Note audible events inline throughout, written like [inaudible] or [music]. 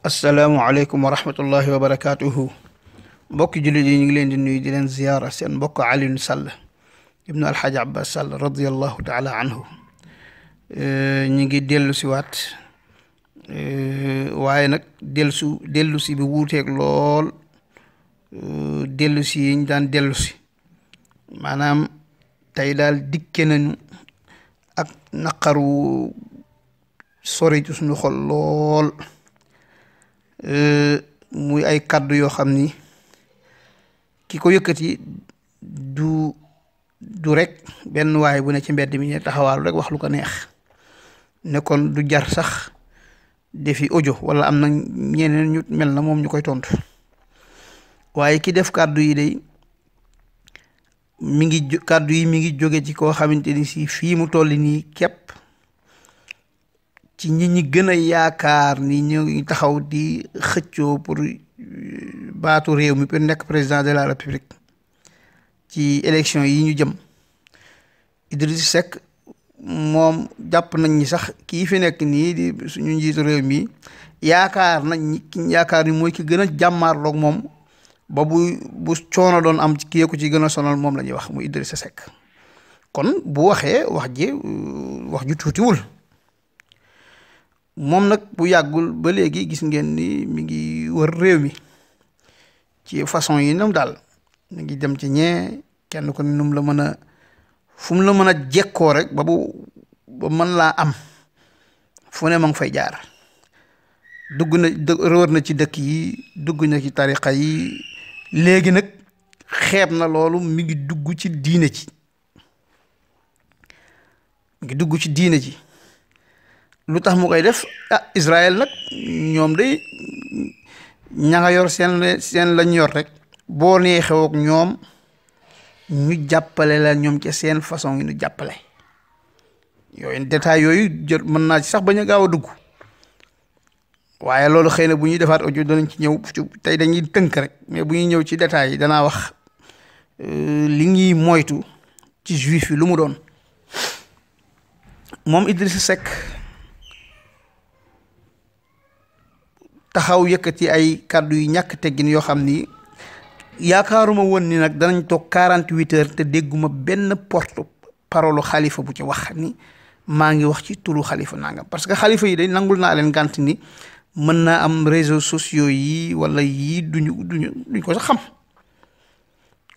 asalaamualeykum wa rahmatullahi wa barakaatuhu mbokki jullit yi ñu ngi leen di nuyu di leen ziyaara seen mbokk Alioune Sall ibnu alxaaji Abbas Sall radiallahu taala anhu ñu ngi dellu waat waaye nag dellusu dellu bi wuuteeg lool dellu si yiñ daan dellusi maanaam tey daal dikke nañu ak naqaru sori ci xol lool muy ay kàddu yoo xam ni ki ko yëkkati du du rekk benn waay bu ne ci mbedd mi ne taxawaalu rek wax lu ko neex ne kon du jar sax defi ojo wala am na ñeneen ñu mel na moom ñu koy tontu waaye ki def kàddu yi day mi ngi kàddu yi mi ngi jóge ci koo xamante ni si fii mu toll nii képp ci ñi ñi gën a yaakaar nii ñu taxaw di xëccoo pour euh, baatu réew mi pour nekk président de la république ci élection yi ñu jëm Idriss Seck moom jàpp nañ ni sax kii fi nekk nii di suñu njiitu réew mi yaakaar nañ ni yaakaar ni mooy ki gën a jàmmaarloog moom ba bu bu coono doon am ci kii ku ci gën a sonal moom la ñuy wax mu Idriss Seck kon bu waxee wax ji euh, wax ju tuutiwul moom nag bu yàggul ba léegi gis ngeen ni mi ngi wër réew mi ci façon yi nam daal mi ngi dem ci ñee kenn ko ni nu la mën a fum la mën a jekkoo rek ba bu ba mën laa am fu ne ma fay jaar dugg na wër na ci dëkk yi dugg na ci tarixa yi léegi nag xeeb na loolu mi ngi dugg ci diine ci mu ngi dugg ci diine ji lu tax mu koy def ah Israël nag ñoom de ña nga yor seen seen lañ yor rek boo nee ñoom ñu jàppale la ñoom ca seen façon yi nu jàppale yooyu détail yooyu jot mën naa ci sax bañ a gaaw a dugg waaye loolu xëy na bu ñuy defaat audio danañ ci ñëw tey dañuy tënk rek mais bu ñuy ñëw ci détail yi danaa wax euh, li ñuy moytu ci juif yi lu mu doon moom Idrissa Seck taxaw yëkkati ay kaddu yu ñàkk teggin yoo xam ni yaakaaruma woon ni nag danañ toog quarante huit heures te dégguma benn porte parole xalifa bu ci wax ni maa ngi wax ci turu xalifa nangam parce que xalifa yi day nangul naa leen gànt ni mën naa am réseaux sociaux yi walla yi duñu duñu duñ ko sax xam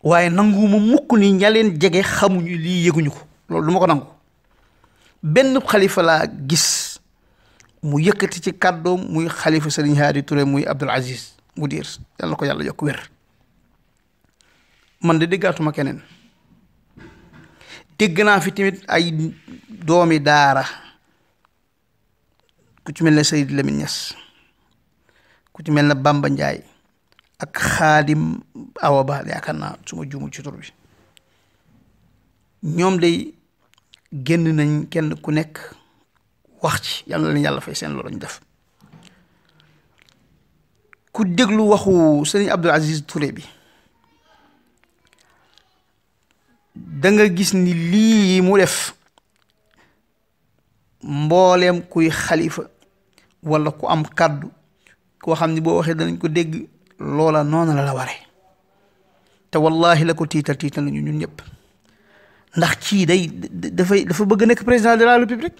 waaye nanguma mukk ni ña jege xamuñu lii yéguñu ko loolu du ko nangu benn xalifa laa gis mu yëkkati ci kàddoom muy xalifa sëriñ Haadi ture muy Abdul Aziz mu diir yàlla na ko yàlla yokk wér man de déggaatuma keneen dégg naa fi tamit ay doomi daara ku ci mel ne Seydi Lamine Niass ku ci mel ne Bamba Ndiaye ak Xaadim Awa Ba yaakaar naa su ma juumu ci tur bi ñoom de génn nañ kenn ku nekk wax ci yàlla na leen yàlla fay seen loolu ñu def ku déglu waxu sëriñ Abdul Aziz Touré bi danga gis ni lii mu def mbooleem kuy xalifa wala ku am kàddu koo xam ni boo waxee danañ ko dégg loola noonu la la ware te wallahi la ko tiital tiital nañu ñun ñëpp ndax kii day dafay dafa bëgg nekk président de la république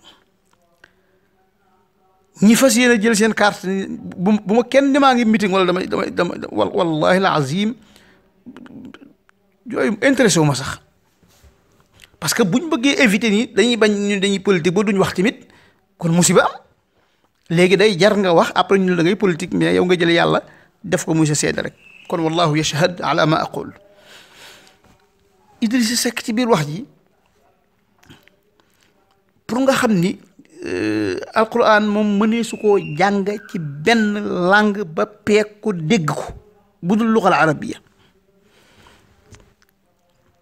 ñi fas yéene jël seen carte bu bu ma kenn ni maa ngi meeting wala damay damay damay wallahi la azim yooyu intéressé wu ma sax parce que buñ bëggee éviter nii dañuy bañ dañuy politique ba duñ wax tamit kon musiba am léegi day jar nga wax après ñu da ngay politique mais yow nga jël yàlla def ko muy sa seede rek kon wallahu yashhad ala ma aqul Idrissa Seck ci biir wax ji pour nga xam ni Euh, alquran moom mënee su koo jàng ci benn làng ba peeg ko dégg ko bu dul luxal arabiya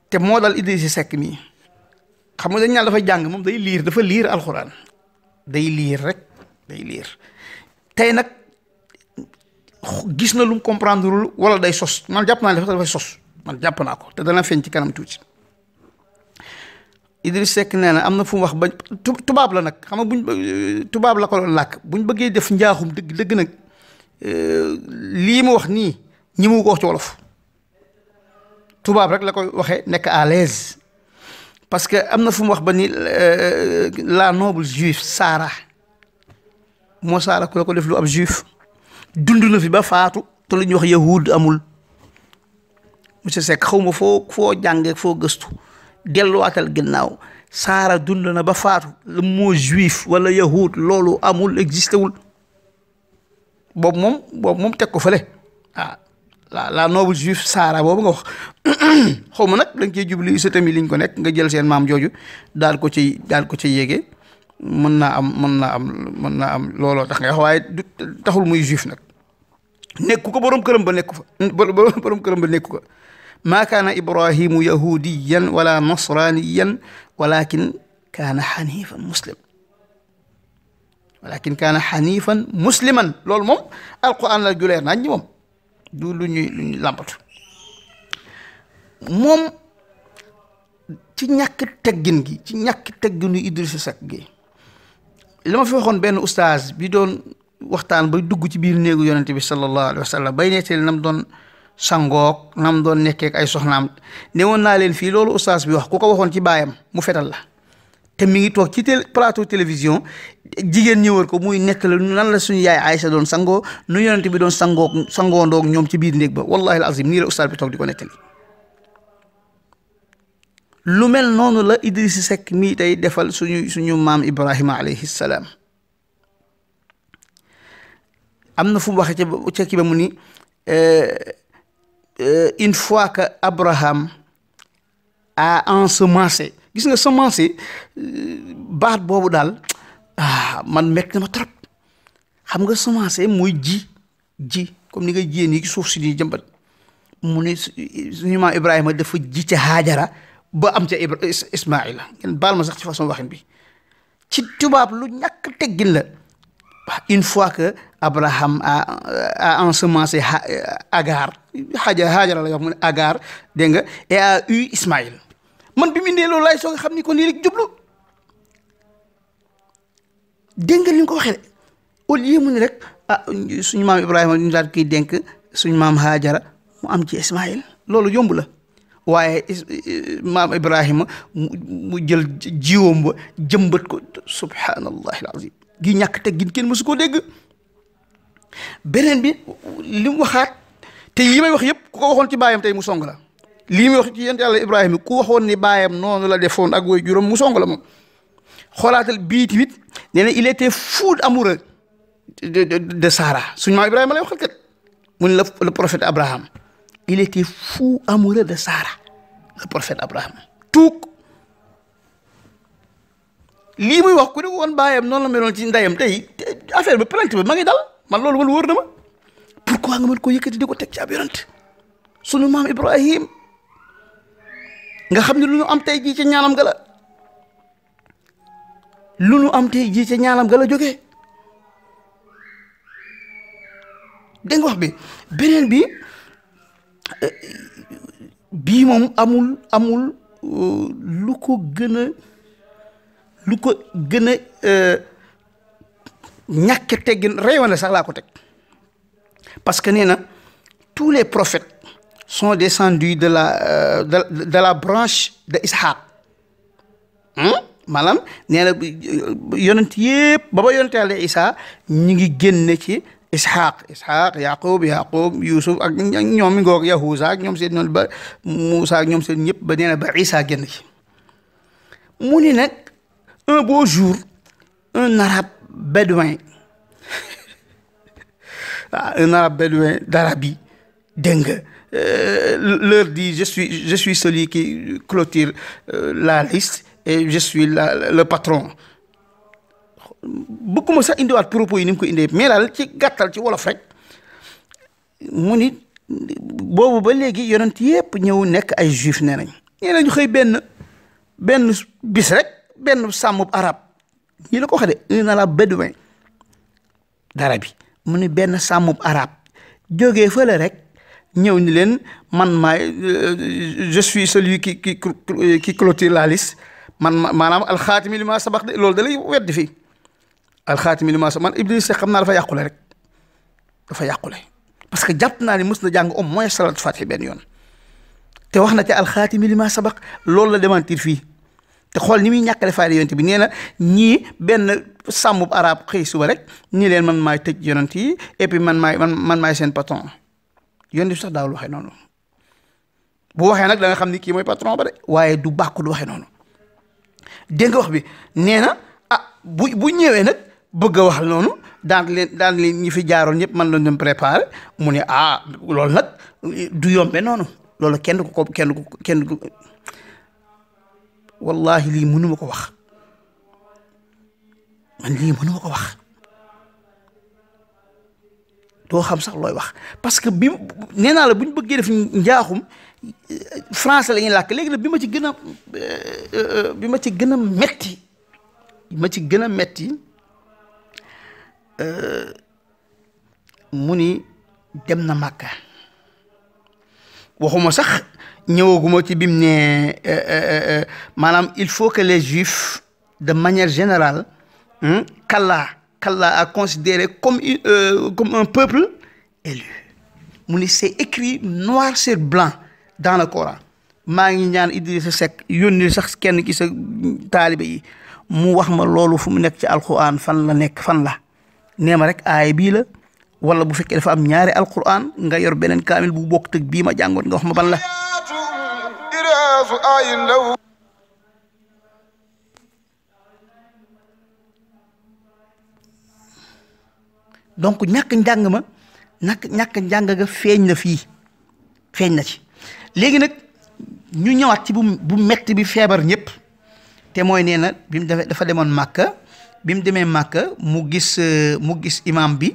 te moo dal Idrissa sekk mii xam nga dañ naan dafay jàng moom day liir dafa liir alquran day liir rek day liir tey nag gis na lu mu comprendre wala day sos man jàpp naa ne dafay sos man jàpp naa ko te dana feeñ ci kanam tuuti. Idriss sekk nee na am na fu mu wax ba tubaab la nag xam nga buñ tubaab la ko doon làkk bëggee def njaaxum dëgg dëgg nag euh, lii mu wax nii ñi mu ko wax ci tubaab rek la koy waxee nekk à l'aise parce que am na fu mu wax ba ni euh, la noble juif Saara moo Saara ku la ko def lu ab juif dund na fi ba faatu te lu ñuy wax yahud amul monsieur Seck xaw ma foo foo jànge foo gëstu delluwaatal ginnaaw saara dund na ba faatu le mot juif wala yahud loolu amul existé wul boobu moom boobu moom teg ko fële ah la la noobu juif saara boobu nga wax [clears throat] xaw ma nag da nga koy jubli sa tamit liñ ko nekk nga jël seen maam jooju daal ko ci daal ko ci yéege mën naa am mën naa am mën naa am looloo tax nga wax waaye taxul muy juif nag nekku ko borom këram ba nekku fa borom këram ba nekku ko maa kaana ibrahimu yahudiyan wala nasraniyan walakin kaana xanifan muslim walakin kaana xanifan musliman loolu moom alquran la juleer nañ ñi moom du lu ñuy lu ñuy làmbatu moom ci ñàkk teggin gi ci ñàkk tegginu Idrissa Seck gi li ma fi waxoon benn ustaaz bi doon waxtaan bay dugg ci biir néegu yonente bi sallallahu alayhi wa sallam bay nettali nam doon sangook nam doon nekkeek ay soxnaam ne woon naa leen fii loolu ustaas bi wax ku ko waxoon ci baayam mu fetal la te mi ngi toog ci télé plateau télévision jigéen ñi ko muy nekk la nan la suñu yaay Aïcha doon sangoo nu yonent bi doon sangoo sangoondoog ñoom ci biir néeg ba wallahi al azim nii la ustaas bi toog di ko nettali lu mel noonu la Idriss Seck mii tey defal suñu suñu maam Ibrahima alayhi am na fu mu waxee ca kii mu ni eh, Euh, une fois que Abraham a ensemencé gis nga semencé euh, baat boobu daal ah man mekk na ma trop xam nga semencé mooy ji ji comme ni nga jiyee nii suuf si di jëmbat mu ne suñu maa Ibrahima dafa ji ca Haajara ba am ca Ismaila ngeen baal ma sax ci façon waxin bi ci tubaab lu ñàkk teggin une fois que Abraham a a ensemencé Agar Haja Hajara la wax mu ne Agar dégg nga et a eu Ismaïl man bi mu indee loolu laay soo a xam ni ko nii rek jublu dégg nga ko waxee au lieu mu ne rek ah suñu maam Ibrahima ñu daal kii dénk suñ maam Hajara mu am ci Ismaïl loolu yomb la. waaye maam Ibrahima mu jël jiwam ba jëmbat ko subhaanallahil aziim gi ñàkk te teggin kenn mësu koo dégg beneen bi li mu waxaat te yi may wax yëpp ku ko waxoon ci baayam tey mu song la lii may wax ci yent yàlla Ibrahima ku waxoon ni baayam noonu la defoon ak woy juróom mu song la moom xoolaatal bii tamit nee na il était fou amoureux de de mu la le prophète Abraham il était fou amoureux de Sarah lii muy wax ku ne woon baayam noonu la meloon ci ndeyam tey affaire bi plainte bi ma ngi dal man loolu man wóor na ma pourquoi nga ko koo yëkkati di ko teg ci ab yonent sunu maam Ibrahim nga xam ne lu ñu am tey jii ca ñaanam gala la lu jii ca ñaanam ga la jógee wax bi beneen bi bii moom amul amul euh, lu ko gën a lu ko gën a euh, ñàkk teggin reyoon sax laa ko teg parce que nee na tous les prophètes sont descendus de la euh, de de la branche de Ishaq maanaam nee na euh, yonent yëpp ba ba yonent yàlla Isaa ñu ngi génne ci Ishaq Ishaq Yaqub Yaqub Yusuf ak ñoom mi ngoog Yahuza ak ñoom seen noonu ba Moussa ñoom seen ñëpp ba nee na ba Isaa génn ci mu ni nag Un beau jour, un arabe bédouin, [laughs] ah, un arabe bédouin d'Arabie, dingue, euh, leur dit, je suis, je suis celui euh, la liste et je suis la, le patron. bëgguma sax indiwaat propos yi ni mu ko indee mais daal ci gàttal ci wolof rek mu ni boobu ba léegi yonent yëpp ñëw nekk ay juif nee nañ nee xëy benn benn bis rek benn sàmmub arab ñi la ko waxee de un arab dara bi mu ni benn sàmmub arab jógee fële rek ñëw ni leen man maay euh, je suis celui qui qui qui clôture la liste man maanaam alxaatimi li ma sabax de loolu da fi weddi fii alxaatimi li ma sabax man Idriss Seck xam naa dafa yàqule rek dafa yàqule parce que jàpp naa ni mës na jàng au moins salatu fatihi benn yoon te wax na ca alxaatimi li ma sabax loolu la démentir fii. te xool ni muy ñàkkale faayda yonent bi nee na ñii benn sàmmub arab xëy suba rek ñii leen man maay tëj yonent yi et man maay man man maay seen patron yonent bi sax daawul waxee noonu bu waxee nag da xam ni kii mooy patron ba de waaye du bàkku du waxee noonu dégg wax bi nee na ah bu bu ñëwee nag bëgg a wax noonu daan leen daan leen ñi fi jaaroon ñëpp man lañ doon préparé mu ne ah loolu nag du yombe noonu loolu kenn ko kenn ko kenn ko wallahi lii mënu ma ko wax man lii mënu ma ko wax doo xam sax looy wax parce que bi nee naa la bu ñu bëggee def njaaxum français la ñuy làkk léegi bi ma ci gën a euh, bi ma ci gën a metti bi ma ci gën a metti euh, mu ni dem na maka waxuma sax ñëwaguma ci bim ne euh, euh, euh, maanaam il faut que les juifs de manière générale kalla qu'Allah a considéré comme comme un peuple élu mu ni c'est écrit noir sur blanc dans le Coran maa ngi ñaan Idrissa Seck yónni sax kenn ki sa taalibe yi mu wax ma loolu fu mu nekk ci alquran fan la nekk fan la nee rek aay bii la wala bu fekkee dafa am ñaari alquran nga yor beneen kaamil bu bokk tëg bii ma jàngoon nga wax ma ban la donc ñàkk njàng ma ñàkk njàng ga feeñ na fii feeñ na ci léegi nag ñu ñëwaat ci bu bu metti bi feebar ñëpp te mooy nee na bi mu dafa demoon màkka bi mu demee màkka mu gis euh, mu gis imam bi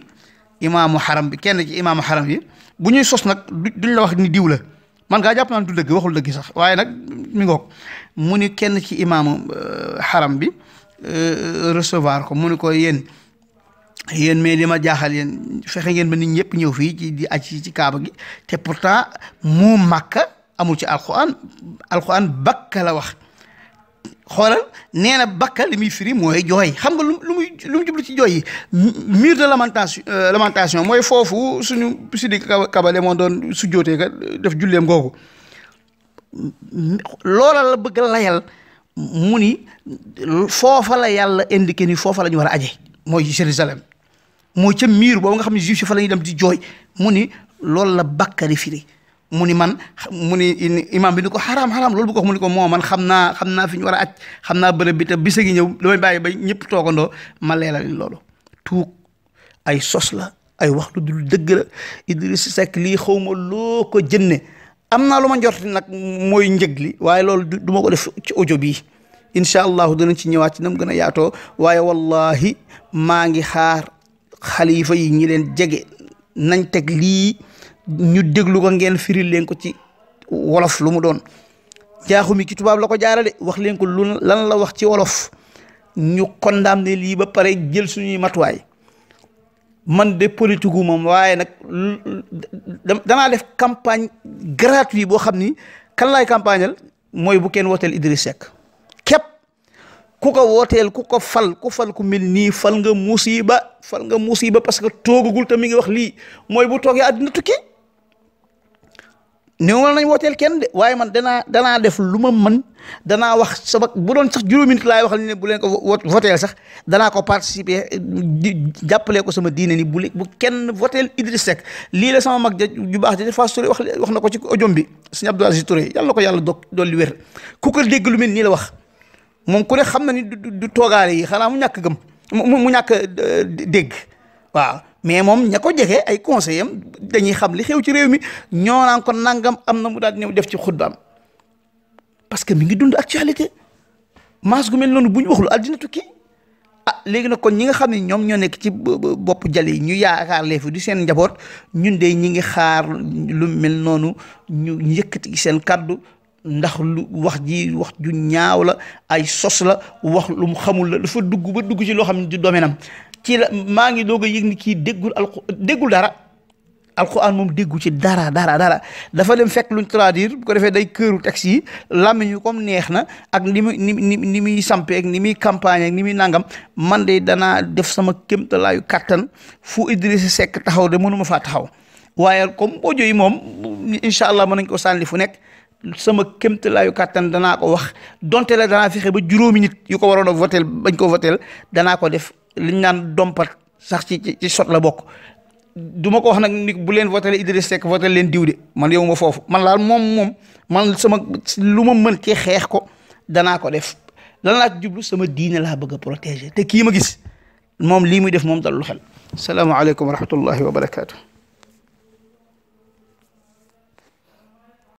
imaamu xaram bi kenn ci imaamu xaram yi bu ñuy sos nag du la wax ni diw la man ngaa jàpp naa ne du dëgg waxul dëgg sax waaye nag mi ngoog mu ni kenn ci imaamu euh, xaram bi euh, recevoir ko mu ni ko yéen yéen mais li ma jaaxal yéen fexe ngeen ba nit ñëpp ñëw fii ci di aj ci ci kaaba gi te pourtant mu màkka amul ci alquran alquran bakka wax xoolal nee na bakka li muy firi mooy jooy xam nga lu lu muy lu mu jublu ci jooy yi mur de lamentation euh, lamentation mooy foofu suñu Sidi Kabale moo doon su jootee ka def julleem googu loola la bëgg layal mu ni foofa la yàlla indiqué ni foofa la ñu war a aje mooy Jérusalem mooy ca miir boobu nga xam ne juif si fa lañuy dem di jooy mu ni loolu la bakka di firi mu ni man mu ni imam bi ni ko xaraam xaraam loolu bu ko wax ni ko moo man xam naa xam naa fi ñu war a aj xam naa bërëb bi te bisa gi ñëw damay bàyyi ba ñëpp toogandoo ma leeral leen loolu tuug ay sos la ay waxtu lu dul dëgg la lii xaw ma loo ko jënne am naa lu ma njort nag mooy njëg li waaye loolu du duma ko def ci ojo bii incha allah danañ ci ñëwaat ci nam gën a yaatoo waaye wallahi maa ngi xaar xalifa yi ñi leen jege nañ teg lii ñu déglu ko ngeen firil leen ko ci wolof lu mu doon jaaxumi ci tubaab la ko jaarale wax leen ko lu lan la wax ci wolof ñu condamné lii ba pare jël suñuy matuwaay man de politique gu moom waaye nag danaa def campagne gratuite boo xam ni kan laay campagnal mooy bu kenn wooteel Idriss Seck képp ku ko wooteel ku ko fal ku fal ku mel nii fal nga musiba fal nga musiba parce que toogagul te mi ngi wax lii mooy bu toogee àddina tukki. néew ma nañ wooteel kenn de waaye man danaa dana def lu ma man danaa wax sama bu doon sax juróomi nit laay waxal ne bu leen ko voteel sax danaa ko participer jàppalee ko sama diine ni bu bu kenn voteel Idriss Seck lii la sama mag ja ju baax ja Fass Touré wax na ko ci ojom bi suñu Abdou Aziz Touré yàlla ko yàlla dog dolli wér ku ko dégg lu mel nii la wax moom ku ne xam na ni du du toogaale yi xanaa mu ñàkk gëm mu ñàkk euh, dégg waaw mais moom ña ko jege ay conseil am dañuy xam li xew ci réew mi ñoo naan ko nangam am na mu daal ñëw def ci am parce que mi ngi dund actualité maas gu mel noonu bu ñu waxlu àddina tukki ah léegi nag kon ñi nga xam ne ñoom ñoo nekk ci bopp jali yi ñu yaakaar leefu di seen njaboot ñun de ñi ngi xaar lu mel noonu ñu yëkkati seen kàddu ndax lu wax ji wax ju ñaaw la ay sos la wax lu mu xamul la lu fa dugg ba dugg ci loo xam ne du domaine ci la maa ngi doog a yëg ni kii déggul alqu déggul dara alquran moom déggu ci dara dara dara dafa dem fekk luñ traduire bu ko defee day këru texte yi làmmiñu comme neex na ak ni muy ni ni ni muy sampee ni muy campagne ni muy nangam man de danaa def sama kéemtalaayu kattan fu Idrissa sekk taxaw de mënuma faa taxaw waaye comme boo joy moom incha allah mën nañ ko sànni fu nekk sama kéemtalaayu kattan danaa ko wax donte la danaa fexe ba juróomi nit yu ko waroon a votel bañ ko votel danaa ko def liñ naan dompat sax ci ci sot la bokk du ma ko wax nag ni bu leen voté Idriss Seck voté leen diw de man yow ma foofu man laal moom moom man sama lu ma mën ci xeex ko danaa ko def lan laa jublu sama diine laa bëgg a te kii ma gis moom lii muy def moom dalul xel. salaamaaleykum wa rahmatullahi wa barakaatu.